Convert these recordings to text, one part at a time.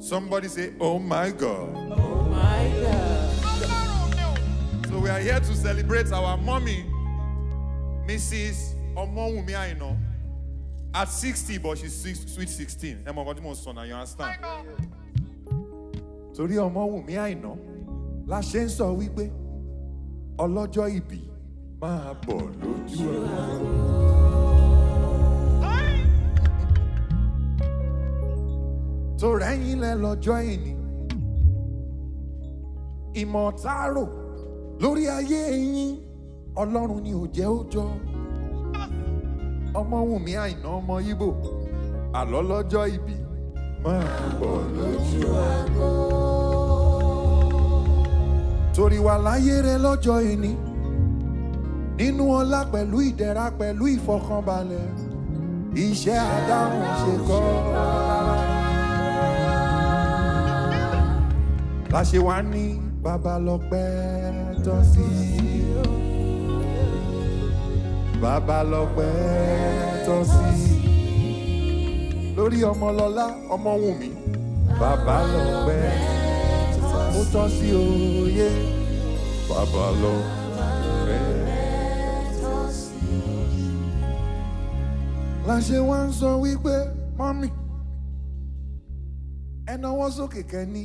Somebody say, Oh my God. Oh my God. So we are here to celebrate our mommy, Mrs. Omowumi Aino, at 60, but she's six, sweet 16. Emma, what son. you understand? Torí Omowumi Aino, la shenso ń sọ wípé ọlọ́jọ́ ìbí máa bọ̀ lójú torí ẹ̀yin lẹ lọ́jọ́ ìní ìmọ̀ tààrò lórí ayé yín ọlọ́run ni ò jẹ́ ó jọ ọmọ wùnmí àìná ọmọ ibo àlọ́ lọ́jọ́ ìbí máa bọ̀ lójú àgbo. torí wà láyé rẹ lọ́jọ́ ìní nínú ọlá pẹ̀lú ìdẹ̀ra pẹ̀lú ìfọkànbalẹ̀ iṣẹ́ àdáhùn ṣe kọ́. la ṣe wá ní babalọpẹ́ tọ́ sí babalọpẹ́ tọ́ sí lórí ọmọlọ́lá ọmọwùnmí babalọpẹ́ ó tọ́ sí òye babalọpẹ́ tọ́ sí. la wá ń sọ wípé mọ́mì ẹ náwó sókè kẹ́ni.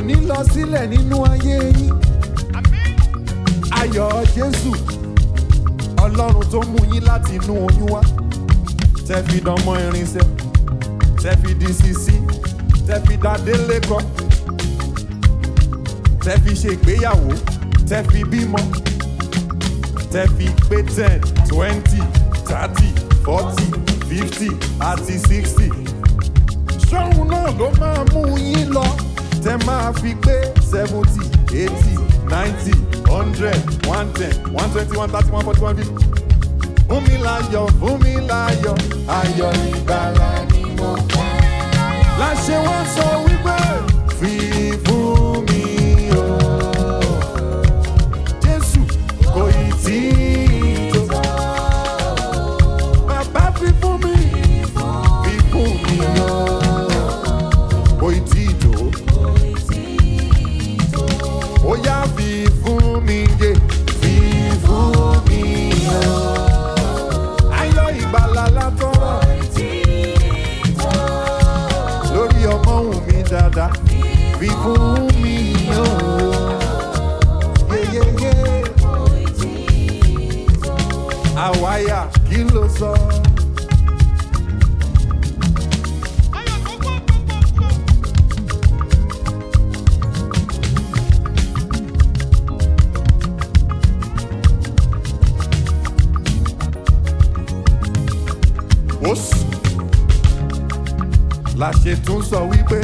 kò ní lọ sílẹ̀ nínú ayé yín. Ayọ̀ Jésù Ọlọ́run tó mú yín láti inú oyún wá. Tẹ́ fi dánmọ́ irinṣẹ́, tẹ́ fi di sisi, tẹ́ fi da délé kọ́. Tẹ́ fi ṣe ìgbéyàwó, tẹ́ fi bímọ. Tẹ́ fi pé ten, twenty, thirty, forty, fifty àti sixty. Ṣọ́run náà ló máa mú yín lọ tẹ máa fi pé seventy eighty ninety hundred one ten one twenty one thirty one forty one fifty. fún mi láyọ̀ fún mi láyọ̀ ayọ̀ ìgbàlà ni mo fẹ́. láṣẹ wọn sọ wí. ó sùn láṣẹ tún sọ wípé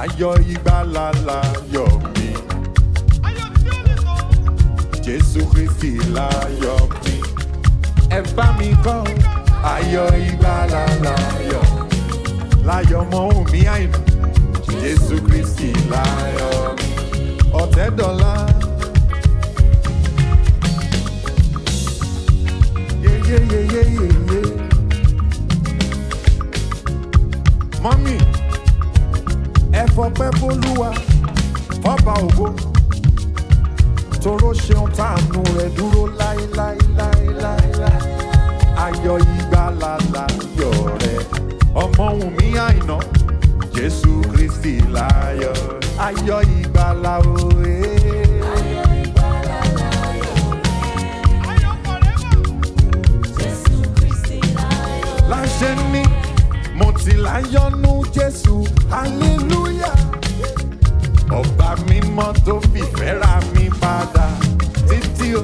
ayọ̀ ìgbàlà láyọ̀ mi Jésù Kristi láyọ̀ mi ẹ bá mi kọ́ ayọ̀ ìgbàlà láyọ̀ láyọ̀ mọ́ omi àìmọ̀ Jésù Kristi láyọ̀ mi ọ̀tẹ̀ dọ̀la. yeah, yeah, yeah, yeah. mọ́mì ẹ fọpẹ́ fólúwa fọba ògo tóró ṣeun táànù rẹ̀ dúró láéláéláéláé ayọ̀ ìgbàlà láyọ̀ rẹ̀ ọmọ wùn mí àìná jésù kristi láyọ̀ ayọ̀ La òye. láyọ̀nù jésù hallelujah. ọba mímọ́ tó fìfẹ́ ra mi padà títí o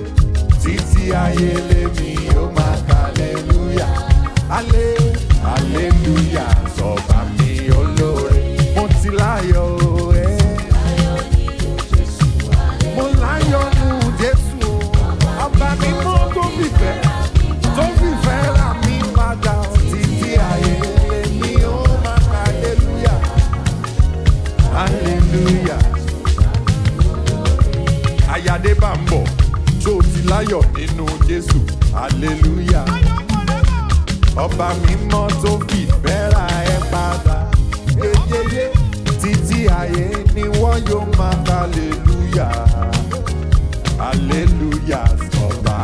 títí ayẹlẹ mi ó máa kà hallelujah. ale hallelujah sọ̀bà mi olóore mo ti láyọ̀ o. láyọ̀ nínú Jésù hallelujah ọba mímọ́ tó fìfẹ́ ra ẹ padà yeyeye títí ayé ni wọ́n yóò máa hallelujah hallelujah ọba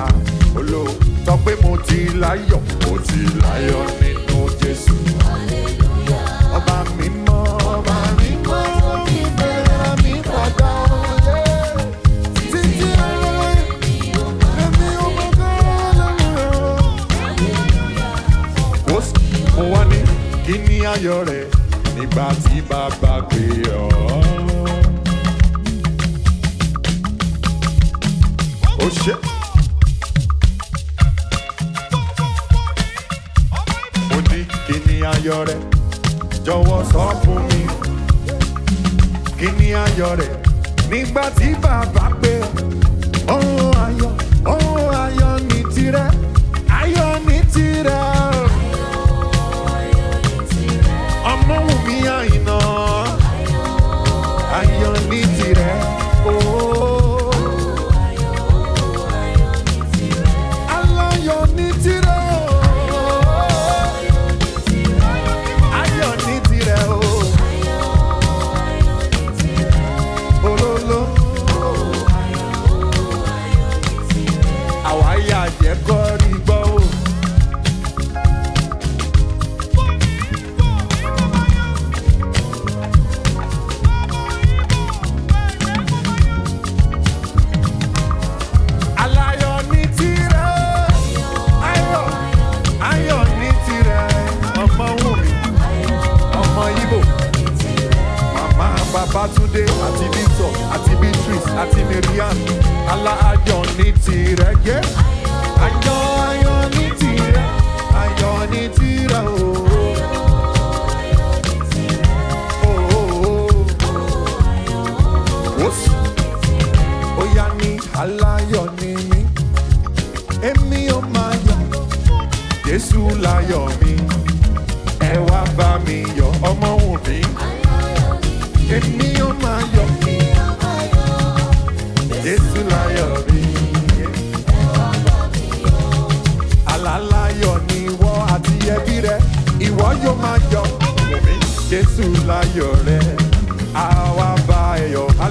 olóò sọ pé mo ti láyọ̀ mo ti láyọ̀ nínú Jésù hallelujah ọba mímọ́. ayọ̀ rẹ̀ nígbà tí bàbá pè ọ́. ó ṣe. mo ní kí ni ayọ̀ rẹ̀ jọ̀wọ́ sọ fún mi kí ni ayọ̀ rẹ̀ nígbà tí bàbá pè ọ́. ọ̀hún ayọ̀ ọ̀hún. see it again.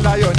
lion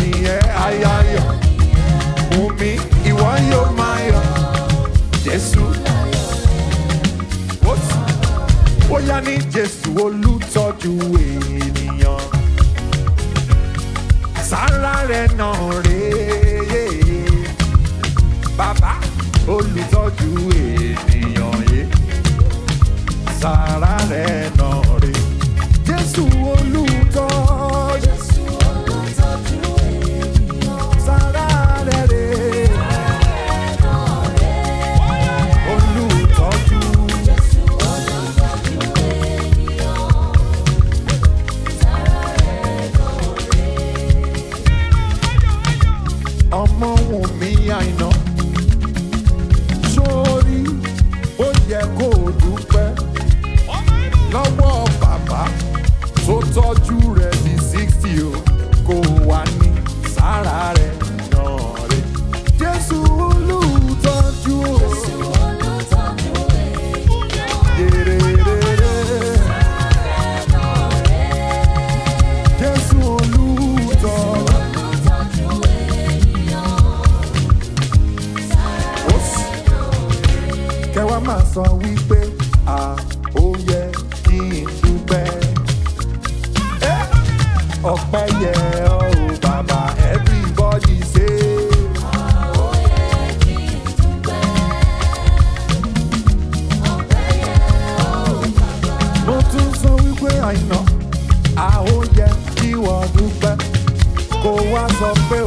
wá sọ pé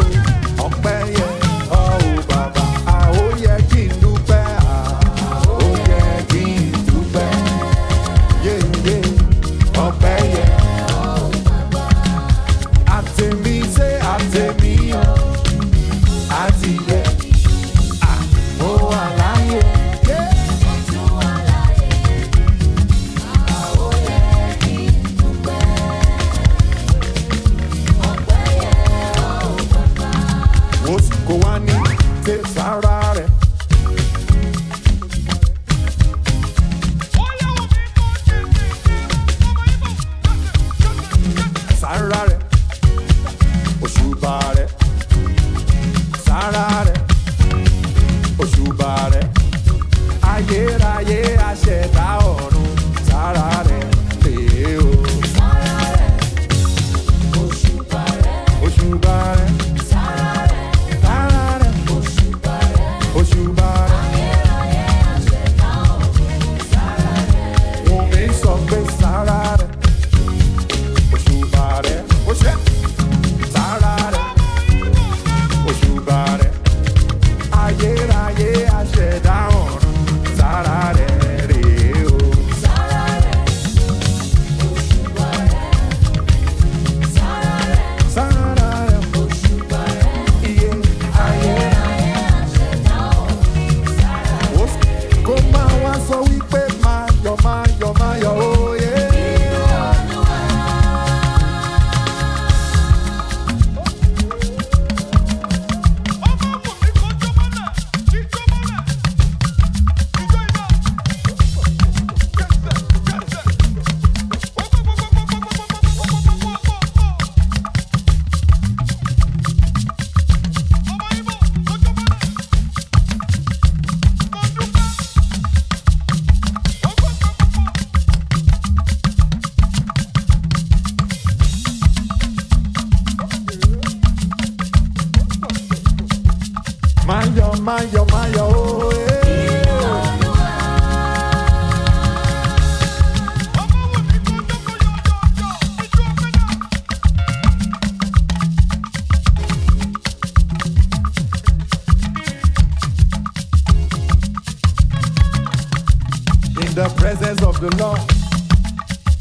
the presence of the Lord,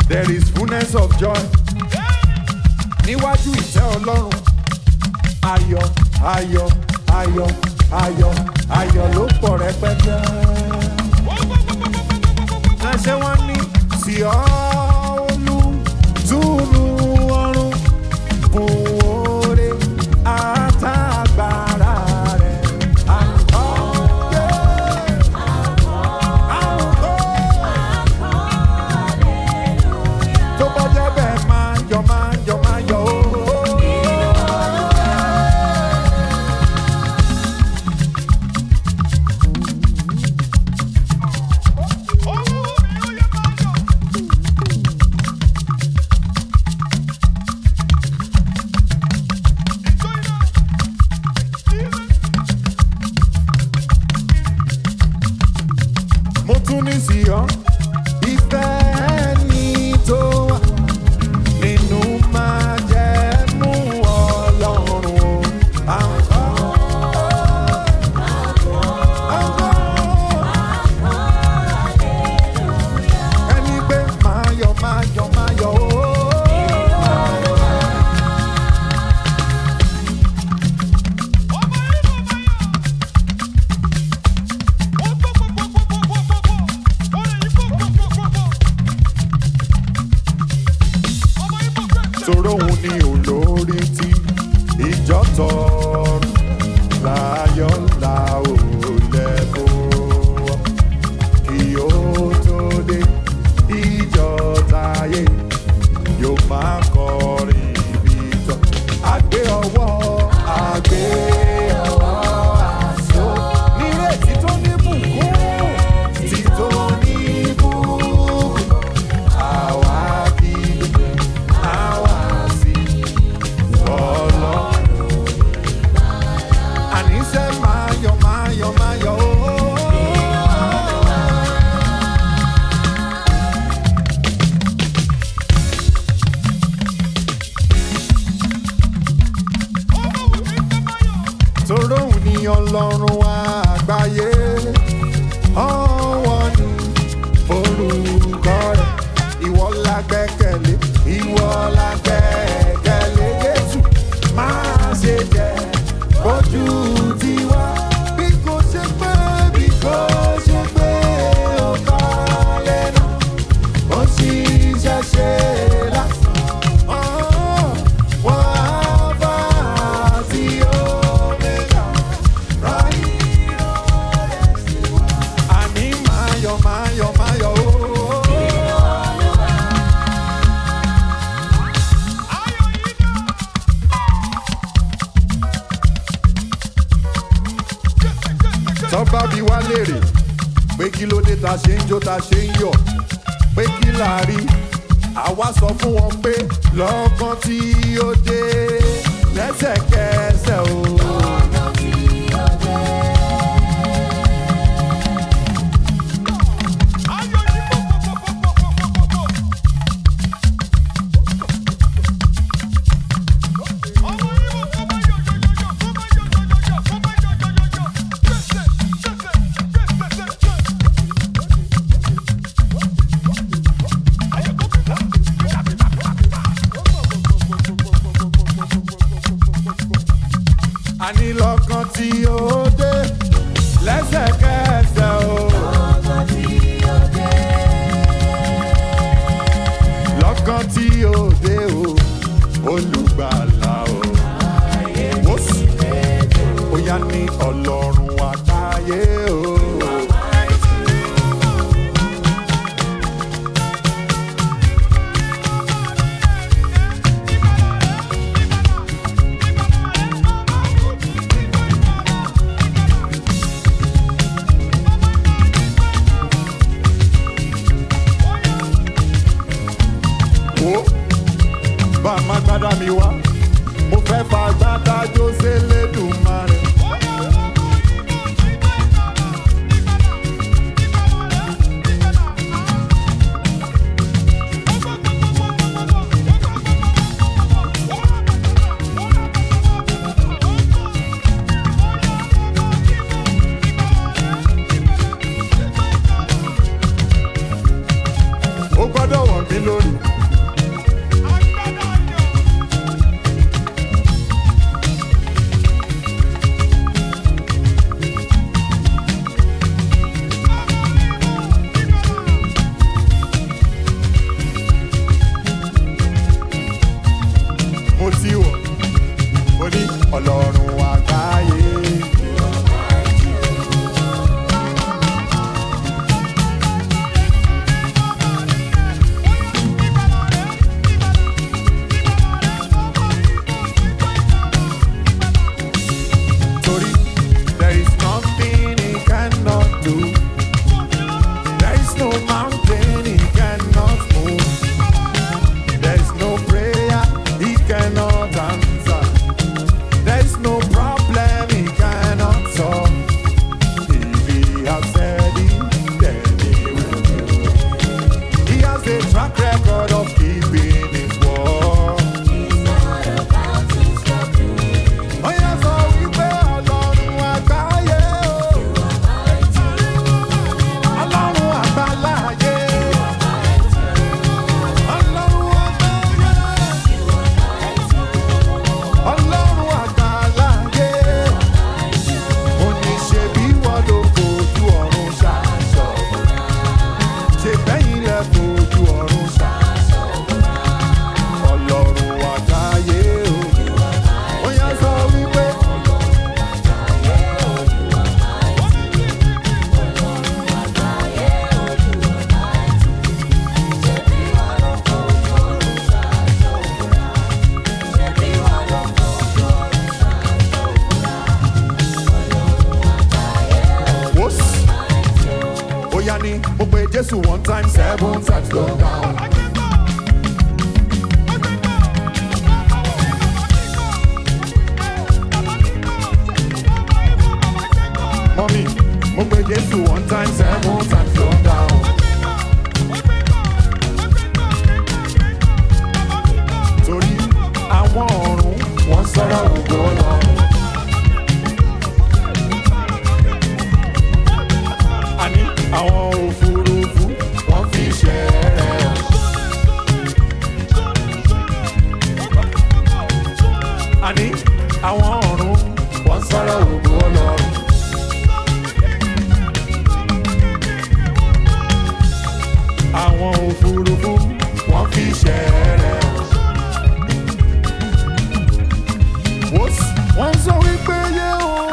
there is fullness of joy. Níwájú ìtẹ́ Ọlọ́run, ayo, ayo, ayo, ayọ̀, ayọ̀ ló pọ̀ rẹpẹtẹ. Ṣé wọ́n ní sí ọ́? ṣe jẹ́ bójú tiwa. la ṣe ń yọ̀ pé kí la rí àwa sọ fún wọn pé lọ́gán tí ó dé. One time, seven times, go down. Mommy, mo pe Jésù one time, seven times, go down. Torí àwọn ọ̀run wọ́n sọ̀rọ̀ ògo lọ. I want to àní àwọn ọ̀run wọ́n sọ̀rọ̀ ògo ọlọ́run. àwọn òfurufú wọ́n fi ṣe rẹ̀. wọ́n sọ wípé yé o.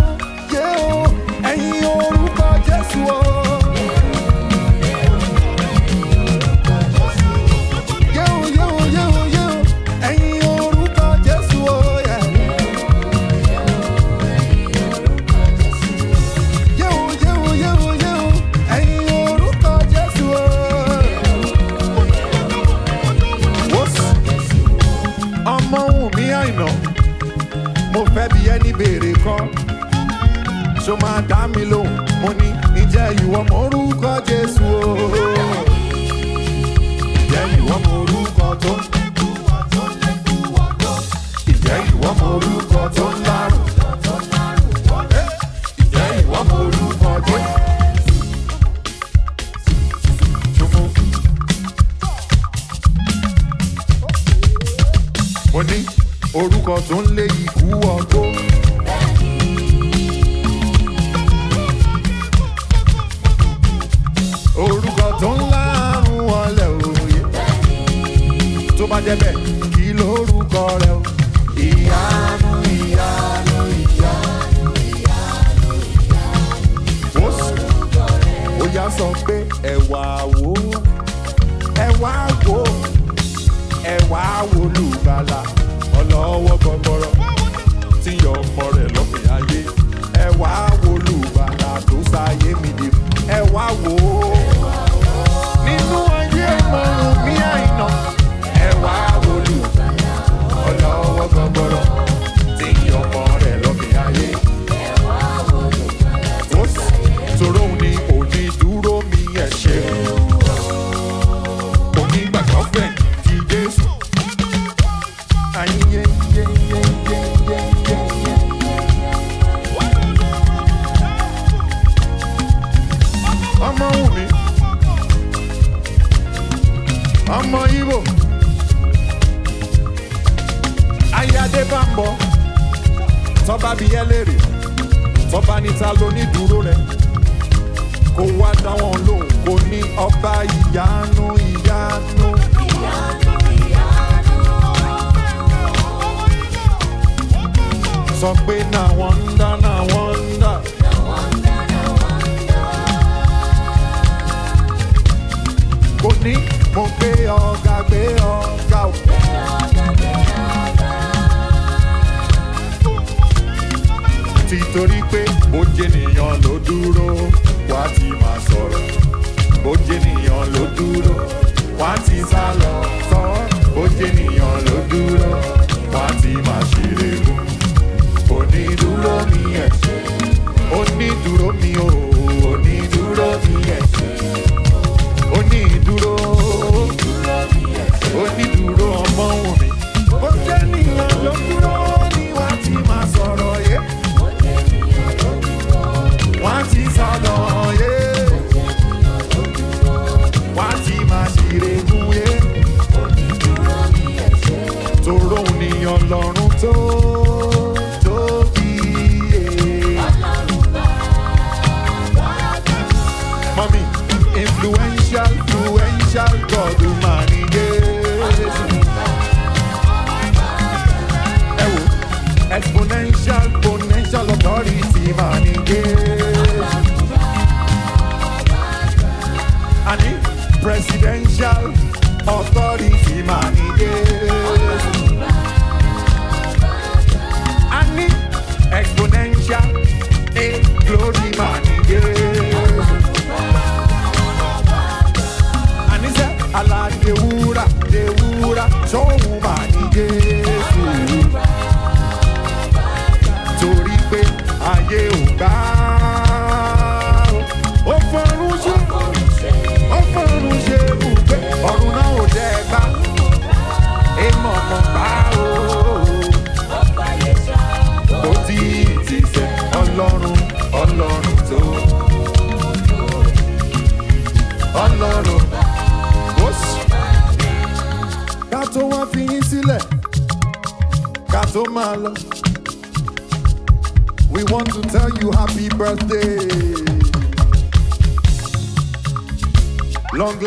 orúkọ tó ń lé ikú ọgbó. orúkọ tó ń lárùn ọlẹ̀ òye tó bá jẹ́ bẹ́ẹ̀ kí lórúkọ rẹ̀. ní mo gbé ọ̀gá gbé ọ̀gá o. títorí pé bó jẹ́nìyàn ló dúró wá ti máa sọ̀rọ̀ bó jẹ́nìyàn ló dúró wá ti sá lọ sọ bó jẹ́nìyàn ló dúró wá ti máa ṣeré lu onídùúró mi ẹ̀ onídùúró mi ò onídùúró mi ẹ̀ onídùúró onídùúró ọmọ wọn.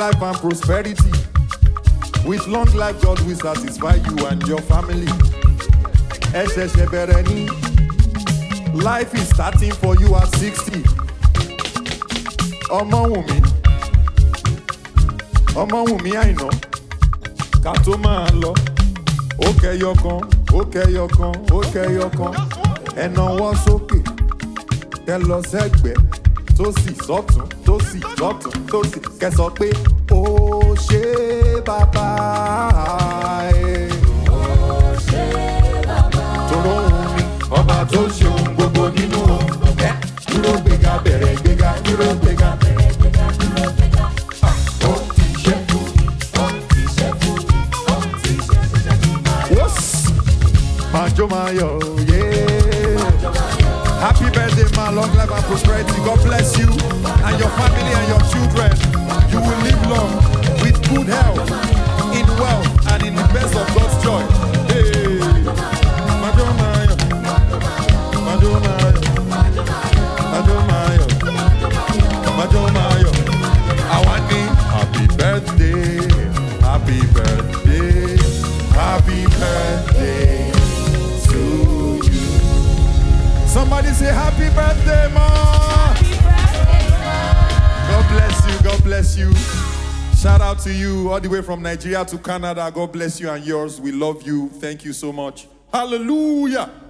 life and prosperity. With long life, God will satisfy you and your family. Life is starting for you at 60. Oma wù oma Ọmọ I know. àìná. Ká tó máa lọ. Ó kẹyọ kan, ó kẹyọ kan, ó kẹyọ kan. Ẹ̀nà wọ́ sókè. Tẹ lọ sẹ́gbẹ̀ẹ́ tó sì sọ́tún tó sì lọ́tún tó sì kẹsàn pé ó ṣe bàbá ẹ̀. ó ṣe bàbá. tóró òun ni ọba tó ṣe ohun gbogbo nínú òun. dúró gbéga bẹ̀rẹ̀ gbéga prosperity. God bless you and your family and your children. You will live long with good health, in wealth, and in the best of God's joy. Hey, I want me happy birthday, happy birthday, happy birthday to you. Somebody say happy birthday, mom. bless you. Shout out to you all the way from Nigeria to Canada. God bless you and yours. We love you. Thank you so much. Hallelujah.